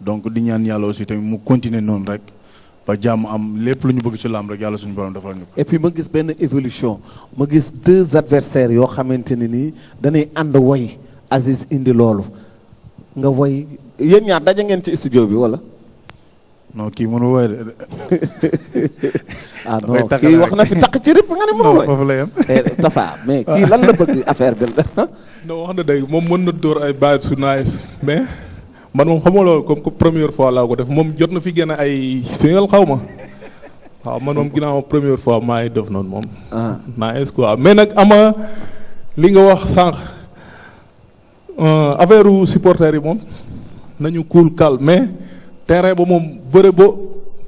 donc di ñaan yàlla aussi tamit mu continuer noonu rek ba jàmm am lépp lu ñu bëgg ci làmb rek yàlla suñu borom defal ñu ko. et ma gis benn évolution ma gis deux adversaires yoo xamante ne nii dañuy ànd woy Aziz indi loolu nga woy yéen ñaar daje ngeen ci studio bi wala. noo kii mënu woy de. ah non kii wax na fi takk ci rëpp nga ne mënu woy. foofu la yem eh, Tafa mais kii lan la bëgg affaire bi la. non wax na dëgg moom mën na dóor ay baat su nice mais. man moom xamuloo loolu comme que première fois laa ko def moom jot na fi génn ay single xaw ma waaw man moom ginnaaw première fois maa ngi def noonu moom. Ah. naa est quoi mais nag ama li nga wax sànq euh, affaire u supporters yi moom nañu cool calme mais terrain ba moom bëre ba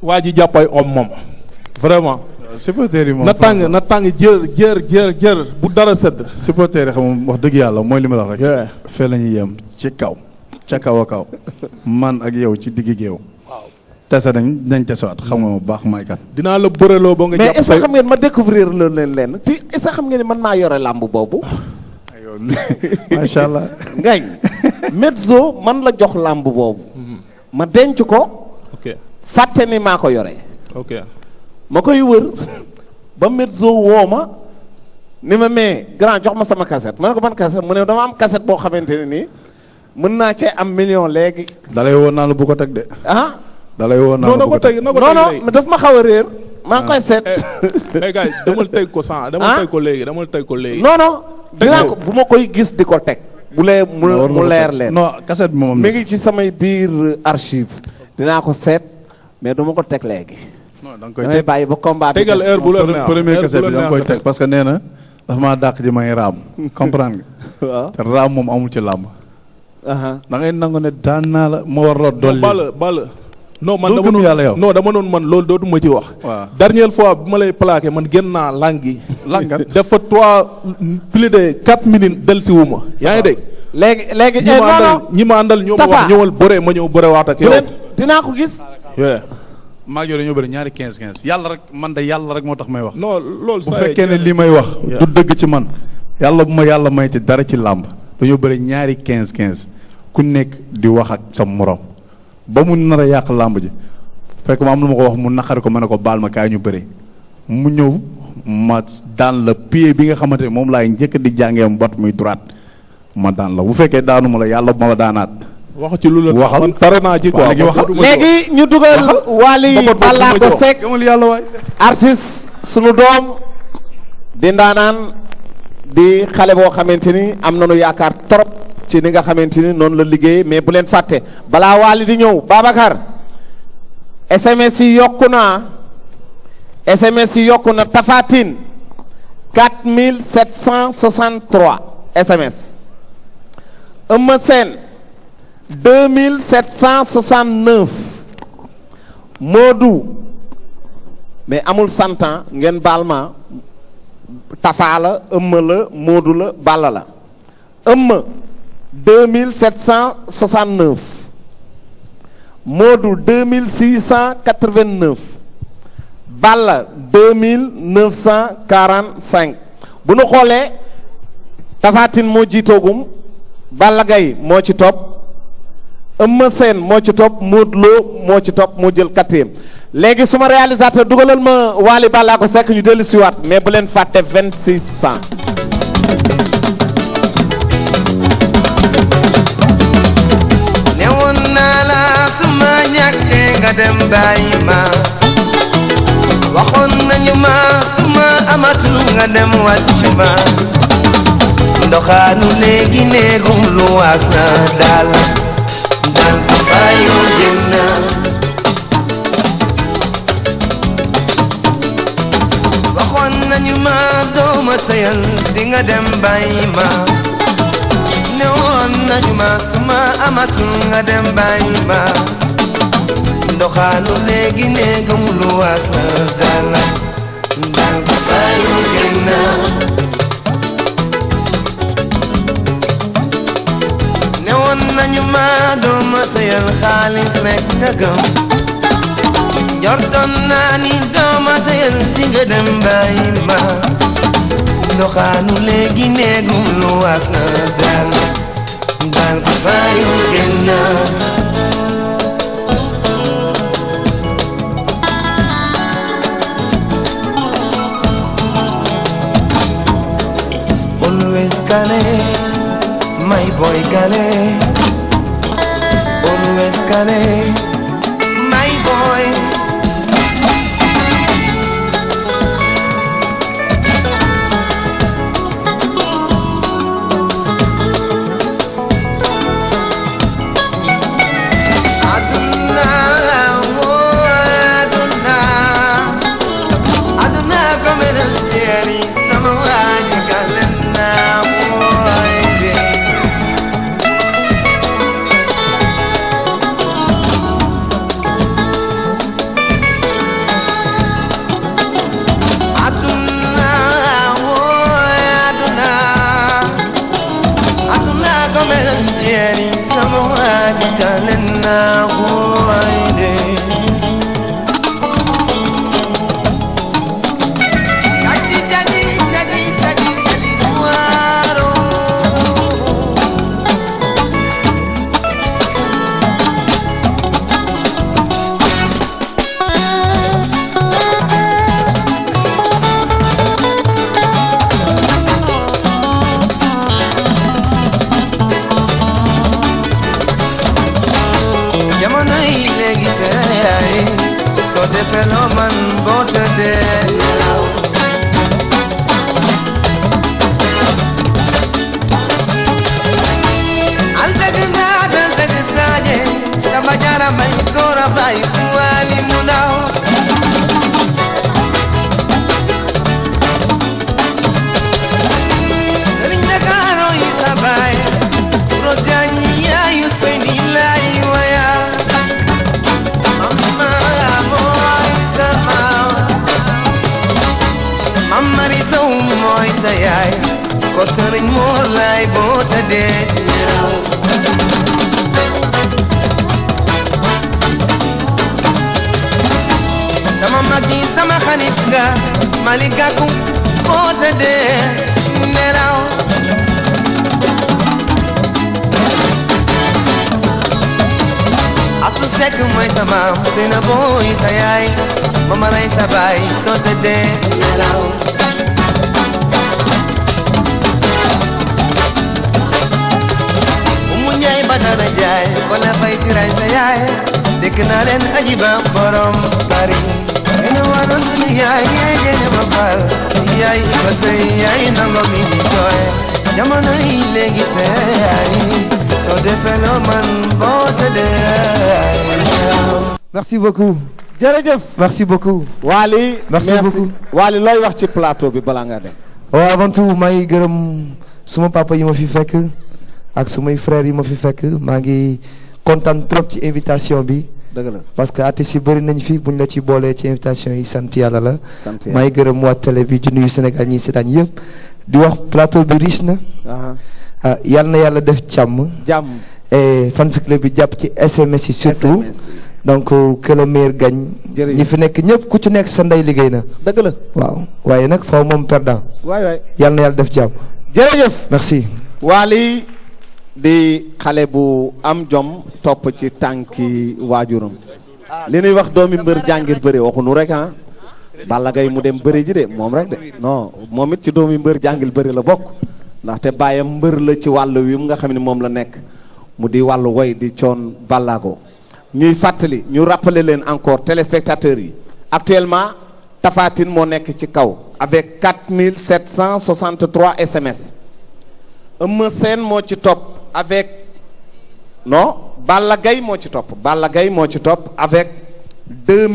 waa ji jàppay om moom vraiment. Euh, supporters yi moom na tàng na tàng jër jër jër jër bu dara sedd. supporters yi xam wax dëgg yàlla mooy li ma la wax rek. la ñuy yem ci kaw. ca kaw a kaw man ak yow ci digg géew. waaw dañ nañ nañ tesewaat xam nga bu baax may kan. dinaa la bëreloo ba nga. jàpp mais ngeen ma découvrir loolu leen leen te est xam que xam ngeen man maa yore làmb boobu. macha allah. ngañ Metzo man la jox làmb boobu. Mhm. ma denc ko. ok fàtte ni maa ko yore. ok ma koy wër ba Metzo woo ma. ni ma jox ma sama kaset ma ne ko ban cassette mu ne dama am cassette boo xamante ne nii. mën naa cee am million léegi. dalay woon naa la bu ko teg de. ah. dalay woon naa la bu ko teg non non daf ma xaw a réer. maa ngi koy ah. seet. Eh, mais ko sans dama ah? teg léegi dama teg ko léegi. non non dinaa ko bu ma koy gis di ko teg. bu lee mu leer leen. noo kaset bi moom mi ci samay biir archive dinaa ko seet mais du ma ko teg léegi. non da nga bàyyi ba combat. tegal heure bu la neex bi da koy teg parce que nee na dafa maa dàq ji may raam comprendre waaw te raam moom amul ci làmb. da uh-huh. ngay nangu ne daan naa la ma war la dolli. bala bala non man dama doon yàlla yow non dama doon man loolu dootuma ci wax. waaw dernière fois bu ma lay plaqué man génn naa langue yi. langue dafa trois plus de quatre minutes del si ma. yaa ngi dégg. léegi léegi ñi ma eh, ñi ma àndal ñoo ma wax ñëwal bëre ma ñëw bëre waat ak yow. dinaa ko gis. maa ngi ñoo bëri ñaari quinze 15 yàlla rek man de yàlla rek moo tax may wax. non loolu bu may wax. du ci man. yàlla bu ma yàlla may ci dara ci làmb dañoo bëri ñaari 15 15. ku nekk di wax ak sa morom ba mu nar a yàq làmb ji fekk ma am lu ma ko wax mu naqari ko ma ne ko baal ma kaay ñu bëre mu ñëw ma daan la pied bi nga xamante moom laay di muy droite ma la bu daanu ma la ma la ci lu la waxal tare naa ci quoi léegi ñu wali balla ko sek artiste sunu di ndaanaan di xale boo xamante am trop ci ni nga xamante ni noonu la liggéey mais bu leen fàtte balaa waali di ñëw Babacar SMS yi yokku na SMS yi yokku na Tafatine 4763 SMS Eumeu Sène 2769 Modou mais amul santan ah, ngeen baal ma Tafa la Eumeu la Modou la Balla la Eumeu deux mille sept cent soixante neuf Modou mille six cent quatre vingt neuf Balla deux mille neuf cent bu nu xoolee Tapha Tine moo jiitoogum Balla Gaye moo ci topp Eumeu seen moo ci topp Modou Lo moo ci topp moo jël quatrième léegi suma réalisateur dugalal ma Waly Ballago Seck ñu dellu siwaat mais bu leen fàtte vingt six cent ñàkkee nga dem bàyyi ma waxoon nañu ma su ma amatul nga dem wàcc ma ndoxaanu léegi néegum lu waas na daal daal ko bàyyoo génn waxoon nañu ma dooma sëyal di nga dem bàyyi ma newoon nañu ma su ma amatul nga dem bàyyi ma doxaanu léegi néegam lu waas na daala daala sayu ginnaaw newoon nañu ma dooma sëyal xaalis rek nga gëm jortoon naa ni dooma sëyal di nga dem bàyyi ma doxaanu léegi néegum lu waas na daala daala sayu ginnaaw my boy Kale, always my boy. mam mari sow mooy sa yaay ko sëriñ moor laay boo tëddee nelaw sama mag yi sama xarit nga mali gàkku boo tëddee sekk mooy sa maam sëy na booy sa yaay mama rey sa baay soo tëddee nelaw umu njaay badara jaay wala fay si ray sa yaay dëkk naa leen aji borom bari ene waro sunu yaay yaay jene ma fal yaay ba sëy yaay nango mi di jooy jamono yi léegi sa yaay soo defee man boo merci beaucoup. beaucoup. merci beaucoup. merci beaucoup wax plateau bi oh, avant tout may papa yi ma fi fekk ak frère yi ma fi fekk trop ci invitation bi. parce que nañ fi buñ la ci ci invitation yi la. may télé bi Sénégal plateau bi na ah, def et fan club bi jàpp ci SMS surtout. donc que le maire gagne ñi fi nek ñep ku ci nek sa nday liggéey na dëgg la waaw waye nak faaw mom perdant waay waay yalla yalla def jàmm jerejeuf merci wali di xalé bu am jom top ci tanki wajurum li ñuy wax doomi jangir beure waxu nu rek ah Balla Gaye mu dem beure ji de mom rek de non momit ci doomi mbeur jangil beure la ndax te bàyyam mbeur la ci walu wi nga xamni mom la nek mu di walu way di coon ballaago Nous fatali, ñu encore téléspectateurs actuellement Tafatin Monek moo ci kaw avec 4763 SMS un Mochitop avec non Balagay Mochitop. Balagay Mochitop avec 2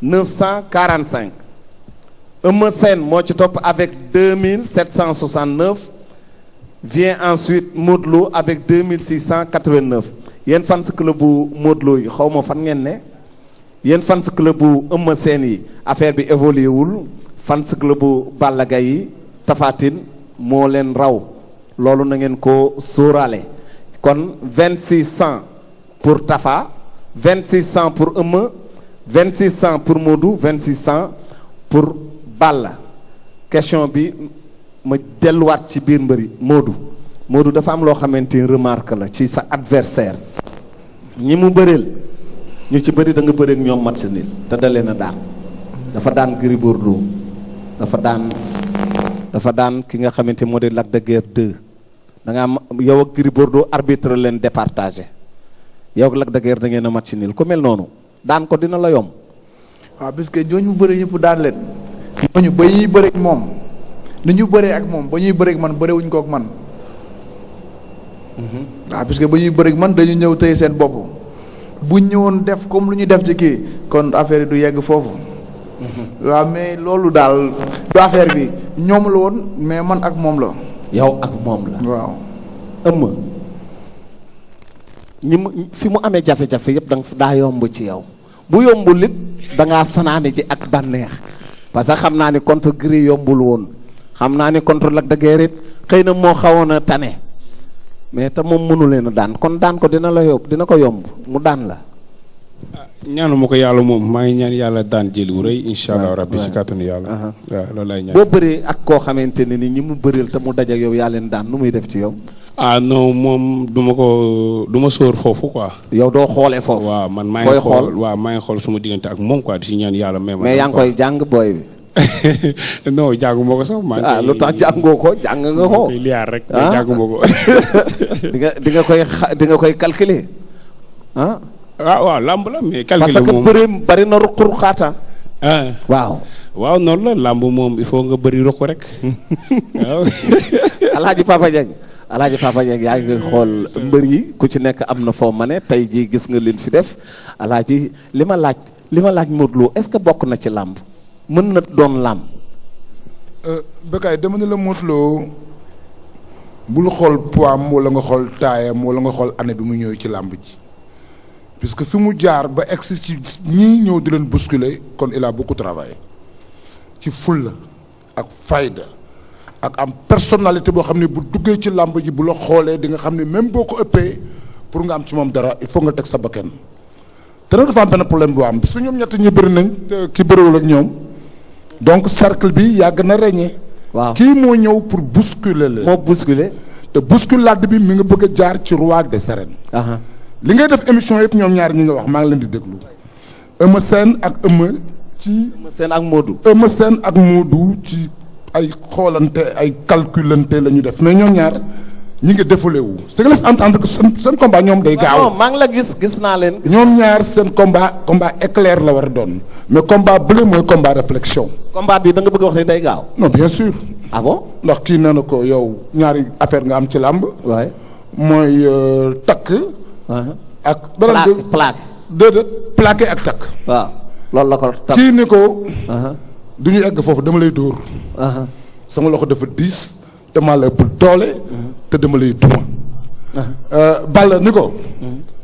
945. ci avec 2945 un Sène ci avec 2769 vient ensuite Modou avec 2689 yen fans club modlo yi xawma fan ngeen ne yen fans club euma sen yi affaire bi évoluer wul fans club balaga yi tafatine mo len raw lolou na ngeen ko souralé kon 2600 pour tafa 2600 pour euma 2600 pour modou 2600 pour balla question bi ma delou wat ci bir mbeuri modou modou dafa am lo xamanteni remarque la ci sa adversaire ñi mu bëreel ñu ci bëri da nga bëreek ñoom match ni te dalee na daan dafa daan Gris Bordeaux dafa daan dafa daan ki nga xamante moo di Lac de Guerre 2 da nga am yow ak Gris Bordeaux arbitre leen départagé yow ak Lac Guerre da ngeen a match nil ku mel noonu daan ko dina la yomb. waaw parce que ñooñu bëri yëpp daan leen. ñu ba ñuy bëreek moom. ni ñu bëree ak moom ba ñuy bëreek man bëreewuñ kook man. waaw mm-hmm. ah, puisque ba ñuy bërik man dañu ñëw tey seen bopp bu ñëwoon def comme lu ñu def ci kii kon affaire yi du yegg foofu. Mm-hmm. waaw mais loolu daal. du affaire bi ñoom woon mais man ak moom la. yow ak moom la. waaw. ëmm. ñi mu fi mu amee jafe-jafe yëpp danga daa yomb ci yow bu yombul it da ngaa fanaane ji ak bànneex parce que xam naa ni contre Gris yombul woon xam naa ni contre Lac de xëy na moo xawoon a tane. mais te moom mënu leen a daan kon daan ko dina la yomb dina ko yomb mu daan la. Ah, ñaanu ma ko yàlla moom maa ngi ñaan yàlla daan jëli wu rëy. incha allah bi si kàttanu yàlla. waaw loolu laay boo bëree ak koo xamante ne ni ñi mu bëreel te mu daj yow yaa leen daan nu muy def ci yow. ah non moom du ma ko du ma sóor foofu quoi. yow doo xoolee foofu. waaw man maa ngi xool waaw maa xool suma diggante ak moom quoi di si ñaan yàlla. mais yaa ngi koy jàng booy bi. non jànguma ko sax. maa ah lu tax jàngoo ko jàng ko. maa rek di nga koy xa di nga koy calculer ah. waaw làmb la mais. calculer moom parce que bëri bari waaw. waaw noonu la làmb moom il faut nga bëri ruq rek. waaw. Alaaji Papa Diagne Alaaji Papa yaa ngi xool mbër yi ku ci nekk am na foo ma ne tey jii gis nga leen fi def Alaaji li ma laaj li ma laaj Modou Lo est-ce que bokk na ci làmb. mën na doon làmb euh, Bécaye dama ne la Modou Lo bul xool poids am wala nga xool taayam wala nga xool année bi mu ñëwee ci làmb ji que fi mu jaar ba egsi ci ñii ñëw di leen bousculer kon il a beaucoup travaillé ci fulla ak fayda ak am personnalité boo xam ne bu duggee ci làmb ji bu la xoolee di nga xam ne même boo ko ëppee pour nga am ci moom dara il faut nga teg sa bakken te dafa am benn problème bu am su ñoom ñett ñi bëri nañ te ki bëriwul ak ñoom. donc cercle bi y a waaw Qui mo pour bousculer pour bousculer. te bousculade bi mi nga bëgg a jaar ci roi des arènes. li ngay def émission yépp ñom ñaar ñi nga wax ma ngi leen di déglu. Sène ak ci. ak Modou. ak Modou ci ay ay def mais ñaar ñi nga défolé c'est que laisse entendre que combat ñom day. gaaw gis gis ñaar combat combat éclair la war mais combat bleu moy combat réflexion. combat bi da nga bëgg wax ne day gaaw. non bien sûr. ah bon ndax kii nee na ko yow ñaari affaire nga am ci làmb. waay mooy euh, takk. ak beneen plaque plaque. déedéet plaqué ak takk. waaw loolu la ko takk kii ni ko. Uh-huh. du ñu egg foofu dama lay dóor. Uh-huh. sama loxo dafa diis te maa la ëpp doole. Uh-huh. te dama lay duma. Euh, Balla ni ko.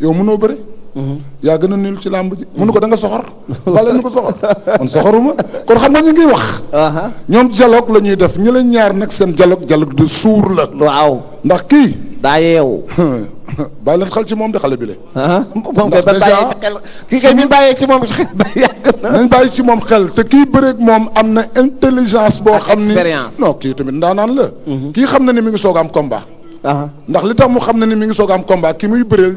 yow mënoo bëri. Mm-hmm. yaa gën a nul ci làmb ji mënu ko danga nga soxor bale nu ko soxor man soxoruma kon xam nga ñu ngi wax uh-huh. ñoom dialogue la def ñi la ñaar nag seen dialogue dialogue de suur la waaw ndax kii daa yeewu bàyyi leen ci moom de xale bi le uh-huh. moom kay ba bàyyee ci xel ci moom xel bàyyi ci moom xel te kii bëreeg moom am na intelligence boo xam ne expérience non kii tamit ndaanaan la mm-hmm. kii xam na ni mi ngi soog a am combat uh-huh. ndax li tax mu xam na ni mi ngi soog a am combat ki muy bëreel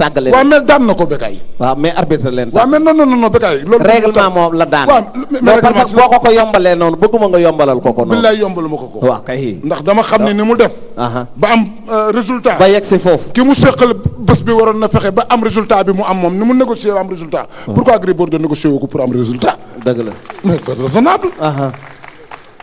tàggale waaw mais daan na ko Bécaye waaw mais arbitre leen waaw mais non non non Bécaye loolu règlement moom la daan waaw parce que boo ko ko yombalee noonu bëgguma nga yombalal ko ko noonu billaay yombalu ma ko ko waaw kay ndax dama xam ne ni mu def ba am euh, résultat ba yegg si foofu ki mu seqal bés bi waroon na fexe ba am résultat bi mu am moom ni mu négocier am résultat pourquoi Gris Bordeaux négocier wu ko pour am résultat dëgg la mais c'est raisonnable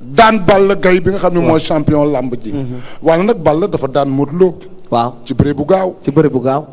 daan Balla Gaye bi nga xam ne mooy champion làmb ji. Mhm. waaye nag Balla dafa daan Modou Lo. waaw ci bëre bu gaaw ci bëre bu gaaw.